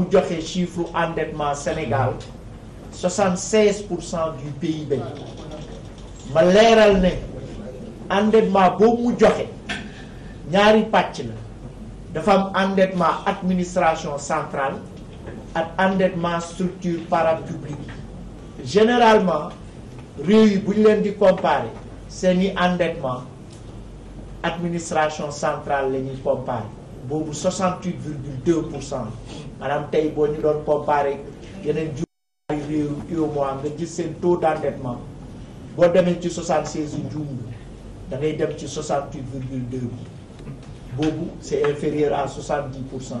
mu joxe chiffre endettement Sénégal 76 pour cent du PIB ma leeral ne endettement boobu mu joxe ñaari pàcc la dafa am endettement administration centrale ak endettement structure parapublique généralement réew yi bu ñu leen di comparer seeni endettement administration centrale la ñuy comparer boobu 68 virgule 2 pour cent maanaam tey boo ñu doon comparé yeneen juróom réew mois nga ji seen taux d' endettement boo demee ci 76 yu juum da ngay dem ci 68 virgule 2 bi boobu c' est inférieur à 70 pour cent